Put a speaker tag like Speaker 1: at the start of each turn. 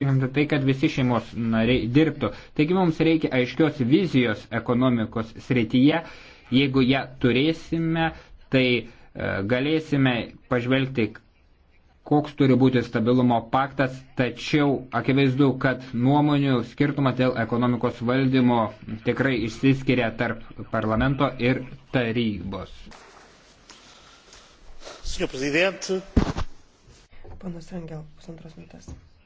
Speaker 1: užtikrinti tai, kad visi šeimos nariai dirbtų. Taigi mums reikia aiškios vizijos ekonomikos srityje. Jeigu ją turėsime, tai e, galėsime pažvelgti, koks turi būti stabilumo paktas, tačiau akivaizdu, kad nuomonių skirtumas dėl ekonomikos valdymo tikrai išsiskiria tarp parlamento ir tarybos.
Speaker 2: Ponas Rangel, pusantros minutės.